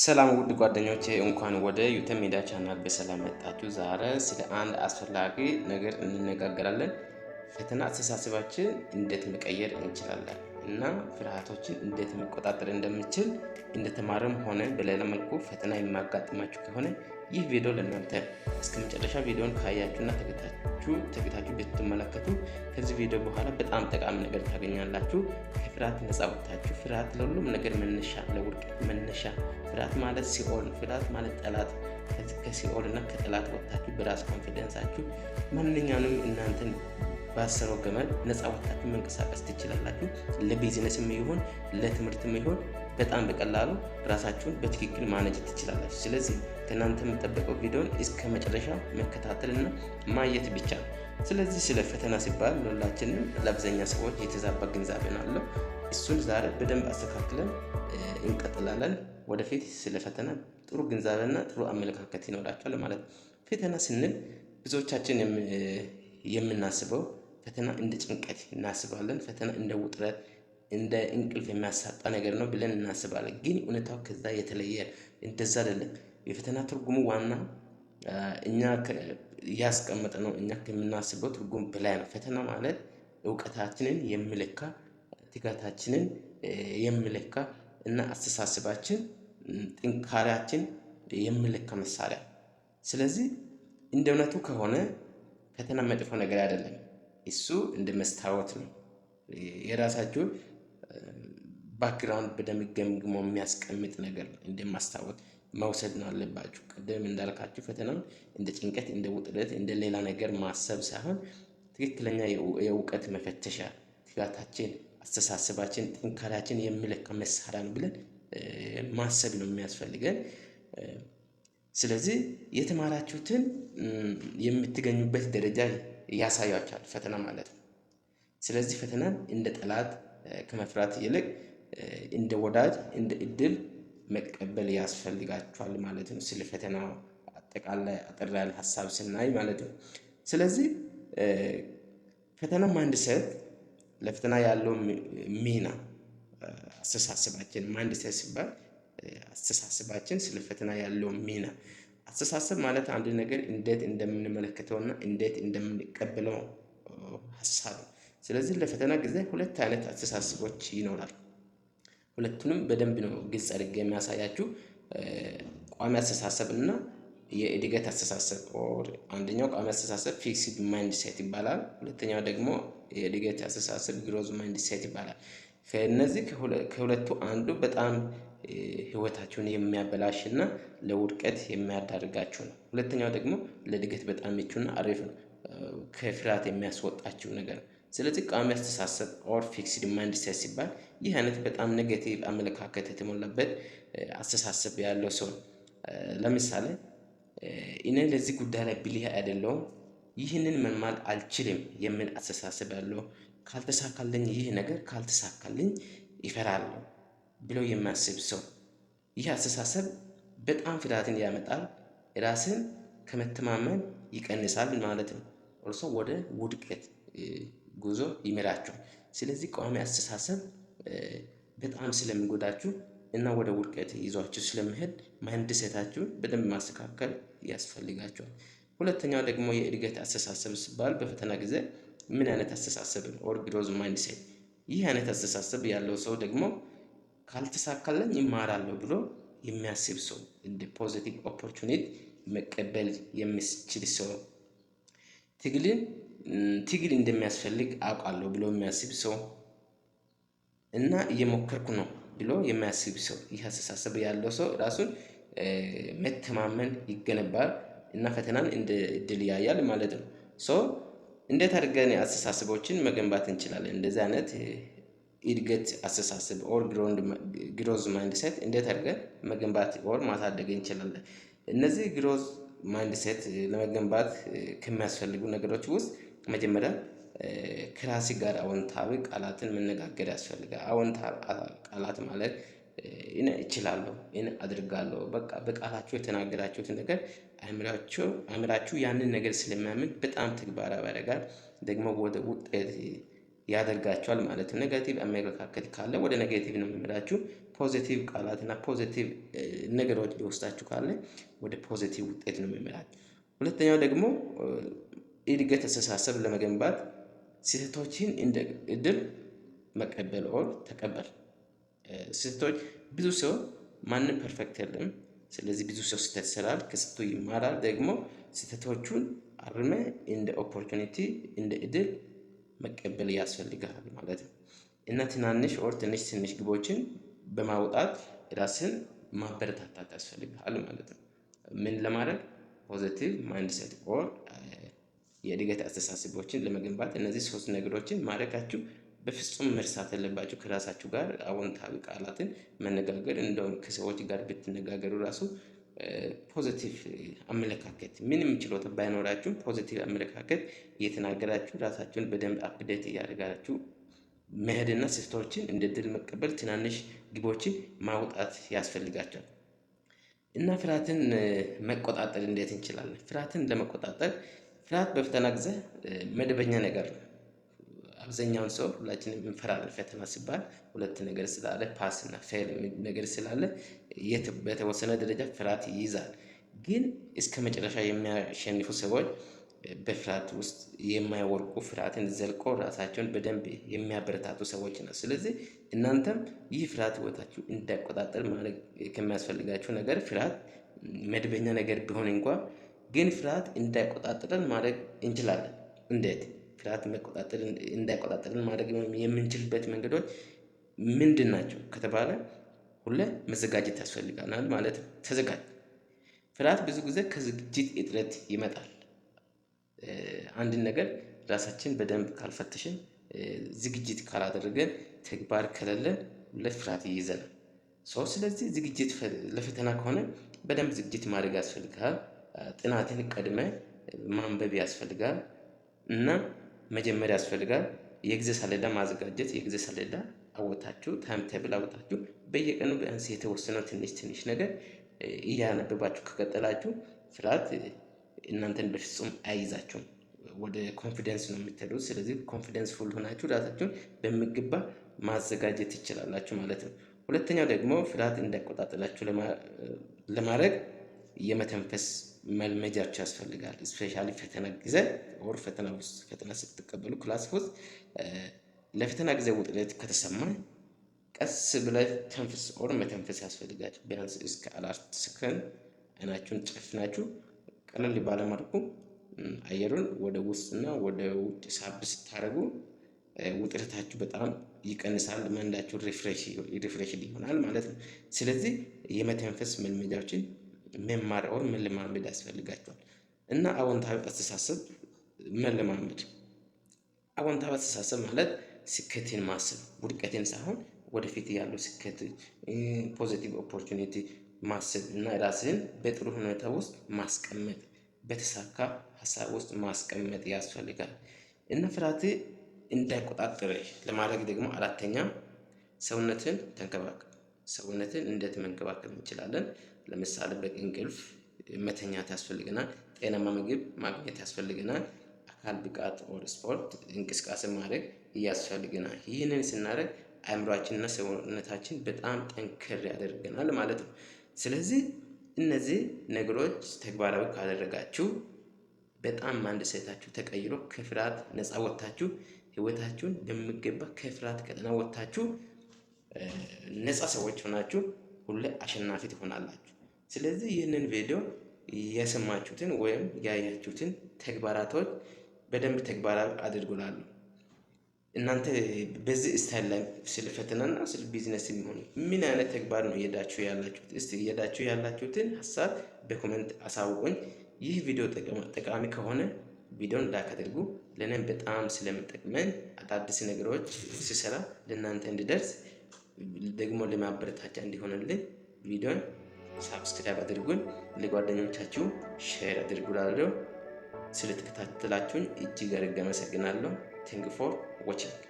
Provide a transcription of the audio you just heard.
ሰላም ውድ ጓደኞቼ እንኳን ወደ ዩተ ሚዲያ ቻናል በሰላም መጣችሁ። ዛሬ ስለ አንድ አስፈላጊ ነገር እንነጋገራለን። ፈተና አስተሳሰባችን እንዴት መቀየር እንችላለን? እና ፍርሃቶችን እንዴት መቆጣጠር እንደምችል እንደተማረም ሆነ በሌላ መልኩ ፈተና የማጋጥማችሁ ከሆነ ይህ ቪዲዮ ለእናንተ እስከ መጨረሻ ቪዲዮን ካያችሁና ተከታችሁ ተከታችሁ ብትመለከቱ ከዚህ ቪዲዮ በኋላ በጣም ጠቃሚ ነገር ታገኛላችሁ። ከፍርሃት ነጻ ወጥታችሁ ፍርሃት ለሁሉም ነገር መነሻ፣ ለውድቀት መነሻ ፍርሃት ማለት ሲኦል፣ ፍርሃት ማለት ጠላት። ከሲኦል እና ከጠላት ወጥታችሁ በራስ ኮንፊደንሳችሁ ማንኛውንም እናንተን በአስረው ገመድ ነፃ ወጣት መንቀሳቀስ ትችላላችሁ። ለቢዝነስም ይሁን ለትምህርትም ይሁን በጣም በቀላሉ ራሳችሁን በትክክል ማነጅ ትችላላችሁ። ስለዚህ ከእናንተ የምጠበቀው ቪዲዮን እስከ መጨረሻ መከታተልና ማየት ብቻ ነው። ስለዚህ ስለ ፈተና ሲባል ሁላችንም ለአብዛኛ ሰዎች የተዛባ ግንዛቤን አለው። እሱን ዛሬ በደንብ አስተካክለን እንቀጥላለን። ወደፊት ስለ ፈተና ጥሩ ግንዛቤና ጥሩ አመለካከት ይኖራቸዋል ማለት ነው። ፈተና ስንል ብዙዎቻችን የምናስበው ፈተና እንደ ጭንቀት እናስባለን። ፈተና እንደ ውጥረት፣ እንደ እንቅልፍ የሚያሳጣ ነገር ነው ብለን እናስባለን። ግን እውነታው ከዛ የተለየ እንደዛ አይደለም። የፈተና ትርጉሙ ዋና እኛ እያስቀመጠ ነው እኛ ከምናስበው ትርጉም በላይ ነው። ፈተና ማለት እውቀታችንን የሚለካ ትጋታችንን የሚለካ እና አስተሳሰባችን ጥንካሬያችን የሚለካ መሳሪያ። ስለዚህ እንደ እውነቱ ከሆነ ፈተና መጥፎ ነገር አይደለም። እሱ እንደ መስታወት ነው። የራሳችሁን ባክግራውንድ በደንብ ገምግሞ የሚያስቀምጥ ነገር እንደ ማስታወት መውሰድ ነው አለባችሁ። ቅድም እንዳልካችሁ ፈተና እንደ ጭንቀት፣ እንደ ውጥረት፣ እንደ ሌላ ነገር ማሰብ ሳይሆን ትክክለኛ የእውቀት መፈተሻ ትጋታችን፣ አስተሳሰባችን፣ ጥንካሬያችን የሚለካ መሳሪያ ነው ብለን ማሰብ ነው የሚያስፈልገን። ስለዚህ የተማራችሁትን የምትገኙበት ደረጃ ያሳያቸዋል ፈተና ማለት ነው። ስለዚህ ፈተናን እንደ ጠላት ከመፍራት ይልቅ እንደ ወዳጅ፣ እንደ እድል መቀበል ያስፈልጋቸዋል ማለት ነው። ስለ ፈተና አጠቃላይ አጠር ያለ ሀሳብ ስናይ ማለት ነው። ስለዚህ ፈተና ማይንድሴት ለፈተና ያለው ሚና አስተሳሰባችን ማይንድሴት ሲባል አስተሳሰባችን ስለ ፈተና ያለው ሚና አስተሳሰብ ማለት አንድ ነገር እንዴት እንደምንመለከተውና እንዴት እንደምንቀበለው ሀሳብ ነው። ስለዚህ ለፈተና ጊዜ ሁለት አይነት አስተሳሰቦች ይኖራል። ሁለቱንም በደንብ ነው ግልጽ አድርጌ የሚያሳያችሁ ቋሚ አስተሳሰብ እና የእድገት አስተሳሰብ። አንደኛው ቋሚ አስተሳሰብ ፊክስድ ማይንድ ሴት ይባላል። ሁለተኛው ደግሞ የእድገት አስተሳሰብ ግሮዝ ማይንድ ሴት ይባላል። ከእነዚህ ከሁለቱ አንዱ በጣም ህይወታችሁን የሚያበላሽ እና ለውድቀት የሚያዳርጋችሁ ነው። ሁለተኛው ደግሞ ለእድገት በጣም ምቹና አሪፍ ነው፣ ከፍርሃት የሚያስወጣችሁ ነገር ነው። ስለዚህ ቋሚ አስተሳሰብ ኦር ፊክስድ ማይንድ ሴት ሲባል ይህ አይነት በጣም ኔጌቲቭ አመለካከት የተሞላበት አስተሳሰብ ያለው ሰው ለምሳሌ እኔ ለዚህ ጉዳይ ላይ ብልህ አይደለሁም፣ ይህንን መማል አልችልም የሚል አስተሳሰብ ያለው ካልተሳካልኝ፣ ይህ ነገር ካልተሳካልኝ ይፈራለሁ ብሎ የሚያስብ ሰው ይህ አስተሳሰብ በጣም ፍርሃትን ያመጣል፣ ራስን ከመተማመን ይቀንሳል ማለት ነው። እርሶ ወደ ውድቀት ጉዞ ይመራቸዋል። ስለዚህ ቋሚ አስተሳሰብ በጣም ስለሚጎዳችሁ እና ወደ ውድቀት ይዟችሁ ስለምሄድ ማንድሴታችሁን በደንብ ማስተካከል ያስፈልጋቸዋል። ሁለተኛው ደግሞ የእድገት አስተሳሰብ ሲባል በፈተና ጊዜ ምን አይነት አስተሳሰብ ነው? ኦር ግሮዝ ማይንድሴት። ይህ አይነት አስተሳሰብ ያለው ሰው ደግሞ ካልተሳካለኝ ይማራለሁ ብሎ የሚያስብ ሰው እንደ ፖዚቲቭ ኦፖርቹኒቲ መቀበል የሚችል ሰው ትግልን ትግል እንደሚያስፈልግ አውቃለሁ ብሎ የሚያስብ ሰው እና እየሞከርኩ ነው ብሎ የሚያስብ ሰው ይህ አስተሳሰብ ያለው ሰው ራሱን መተማመን ይገነባል እና ፈተናን እንደ እድል ያያል ማለት ነው። ሶ እንዴት አድርገን አስተሳሰቦችን መገንባት እንችላለን? እንደዚህ አይነት እድገት አስተሳሰብ ኦር ግሮዝ ማይንድሴት እንዴት አድርገን መገንባት ኦር ማሳደግ እንችላለን። እነዚህ ግሮዝ ማይንድሴት ለመገንባት ከሚያስፈልጉ ነገሮች ውስጥ መጀመሪያ ከራሲ ጋር አዎንታዊ ቃላትን መነጋገር ያስፈልጋል። አዎንታዊ ቃላት ማለት እኔ እችላለሁ፣ እኔ አድርጋለሁ፣ በቃ በቃላችሁ የተናገራችሁትን ነገር አእምራችሁ ያንን ነገር ስለሚያምን በጣም ተግባራዊ ያደርጋል። ደግሞ ወደ ውጤት ያደርጋቸዋል ማለት ነው። ኔጋቲቭ አመለካከት ካለ ወደ ኔጋቲቭ ነው የሚመራችሁ። ፖዚቲቭ ቃላት እና ፖዚቲቭ ነገሮች ሊወስዳችሁ ካለ ወደ ፖዚቲቭ ውጤት ነው የሚመራችሁ። ሁለተኛው ደግሞ እድገት አስተሳሰብ ለመገንባት ስህተቶችን እንደ እድል መቀበል ኦር ተቀበል። ስህተቶች ብዙ ሰው ማንም ፐርፌክት የለም። ስለዚህ ብዙ ሰው ስህተት ይሰራል፣ ከስህተቱ ይማራል። ደግሞ ስህተቶቹን አርመ እንደ ኦፖርቹኒቲ እንደ እድል መቀበል ያስፈልጋል ማለት ነው እና ትናንሽ ኦር ትንሽ ትንሽ ግቦችን በማውጣት ራስን ማበረታታት ያስፈልጋል ማለት ነው። ምን ለማድረግ ፖዘቲቭ ማይንድሴት ኦር የእድገት አስተሳሰቦችን ለመገንባት እነዚህ ሶስት ነገሮችን ማድረጋችሁ በፍጹም መርሳት ያለባችሁ ከራሳችሁ ጋር አዎንታዊ ቃላትን መነጋገር እንደውም ከሰዎች ጋር ብትነጋገሩ ራሱ ፖዘቲቭ አመለካከት ምንም ችሎት ባይኖራችሁም ፖዘቲቭ አመለካከት እየተናገራችሁ ራሳችሁን በደንብ አፕዴት እያደረጋችሁ መሄድና ስህተቶችን እንደ ድል መቀበል፣ ትናንሽ ግቦችን ማውጣት ያስፈልጋቸዋል እና ፍርሃትን መቆጣጠር እንዴት እንችላለን? ፍርሃትን ለመቆጣጠር ፍርሃት በፈተና ጊዜ መደበኛ ነገር ነው። አብዛኛውን ሰው ሁላችንም እንፈራለን። ፈተና ሲባል ሁለት ነገር ስላለ ፓስ እና ፌል ነገር ስላለ በተወሰነ ደረጃ ፍርሃት ይይዛል። ግን እስከ መጨረሻ የሚያሸንፉ ሰዎች በፍርሃት ውስጥ የማይወርቁ ፍርሃትን ዘልቆ ራሳቸውን በደንብ የሚያበረታቱ ሰዎች ነው። ስለዚህ እናንተም ይህ ፍርሃት ህይወታችሁ እንዳይቆጣጠር ማድረግ ከሚያስፈልጋችሁ ነገር ፍርሃት መድበኛ ነገር ቢሆን እንኳ ግን ፍርሃት እንዳይቆጣጠረን ማድረግ እንችላለን። እንዴት ፍርሃት እንዳይቆጣጠረን ማድረግ የምንችልበት መንገዶች ምንድን ናቸው ከተባለ ሁሌ መዘጋጀት ያስፈልገናል ማለት ነው። ተዘጋጅ። ፍርሃት ብዙ ጊዜ ከዝግጅት እጥረት ይመጣል። አንድን ነገር ራሳችን በደንብ ካልፈተሽን፣ ዝግጅት ካላደረገን፣ ተግባር ከሌለን ሁሌ ፍርሃት ይይዘናል። ሰው ስለዚህ ዝግጅት ለፈተና ከሆነ በደንብ ዝግጅት ማድረግ ያስፈልጋል። ጥናትን ቀድመ ማንበብ ያስፈልጋል እና መጀመሪያ ያስፈልጋል። የጊዜ ሰሌዳ ማዘጋጀት የጊዜ ሰሌዳ አውጥታችሁ ታይም ቴብል አውጥታችሁ በየቀኑ ቢያንስ የተወሰነው ትንሽ ትንሽ ነገር እያነበባችሁ ከቀጠላችሁ ፍርሃት እናንተን በፍጹም አይይዛችሁም። ወደ ኮንፊደንስ ነው የምትሄዱ። ስለዚህ ኮንፊደንስ ፉል ሆናችሁ ራሳችሁን በሚገባ ማዘጋጀት ይችላላችሁ ማለት ነው። ሁለተኛው ደግሞ ፍርሃት እንዳይቆጣጠላችሁ ለማድረግ የመተንፈስ መልመጃችሁ ያስፈልጋል። ስፔሻሊ ፈተና ጊዜ ወር ፈተና ውስጥ ፈተና ስትቀበሉ ክላስ ውስጥ ለፈተና ጊዜ ውጥረት ከተሰማ ቀስ ብለህ ተንፍስ ኦር መተንፈስ ያስፈልጋል። ቢያንስ እስከ አራት ሰከንድ አይናችሁን ጨፍናችሁ ቀለል ባለመልኩ አየሩን ወደ ውስጥና ወደ ውጭ ሳብ ስታደርጉ ውጥረታችሁ በጣም ይቀንሳል። መንዳችሁ ሪፍሬሽ ይሆናል ማለት ነው። ስለዚህ የመተንፈስ መልመጃዎችን መማር ኦር መለማመድ ያስፈልጋቸዋል እና አዎንታዊ አስተሳሰብ መለማመድ አዎንታዊ አስተሳሰብ ማለት ስኬትን ማሰብ ውድቀትን ሳይሆን ወደፊት ያሉ ስኬት ፖዘቲቭ ኦፖርቹኒቲ ማሰብ እና ራስን በጥሩ ሁኔታ ውስጥ ማስቀመጥ በተሳካ ሀሳብ ውስጥ ማስቀመጥ ያስፈልጋል እና ፍርሃት እንዳይቆጣጠር ለማድረግ ደግሞ አራተኛ ሰውነትን ተንከባከብ። ሰውነትን እንዴት መንከባከብ እንችላለን? ለምሳሌ በቂ እንቅልፍ መተኛት ያስፈልገናል። ጤናማ ምግብ ማግኘት ያስፈልገናል። አካል ብቃት ኦር ስፖርት እንቅስቃሴ ማድረግ እያስፈልገናል። ይህንን ስናደረግ አእምሯችንና ሰውነታችን በጣም ጠንከር ያደርገናል ማለት ነው። ስለዚህ እነዚህ ነገሮች ተግባራዊ ካደረጋችሁ በጣም አንድ ሴታችሁ ተቀይሮ ከፍርሃት ነፃ ወጥታችሁ ህይወታችሁን በሚገባ ከፍርሃት ቀጠና ወጥታችሁ ነፃ ሰዎች ሆናችሁ ሁሌ አሸናፊ ትሆናላችሁ። ስለዚህ ይህንን ቪዲዮ የሰማችሁትን ወይም ያያችሁትን ተግባራቶች በደንብ ተግባራዊ አድርጎናል። እናንተ በዚህ ስታይል ላይ ስለ ፈተናና ስለ ቢዝነስ የሚሆኑ ምን አይነት ተግባር ነው እየሄዳችሁ ያላችሁት? እስቲ እየሄዳችሁ ያላችሁትን ሀሳብ በኮመንት አሳውቁኝ። ይህ ቪዲዮ ጠቃሚ ከሆነ ቪዲዮን ላይክ አድርጉ። ለእኔም በጣም ስለምጠቅመን አዳዲስ ነገሮች ስሰራ ለእናንተ እንዲደርስ ደግሞ ለማበረታቻ እንዲሆንልን ቪዲዮን ሳብስክራይብ አድርጉን፣ ለጓደኞቻችሁ ሼር አድርጉላለሁ። ስለተከታተላችሁን እጅግ አድርጌ አመሰግናለሁ። ቲንክ ፎር ዋቺንግ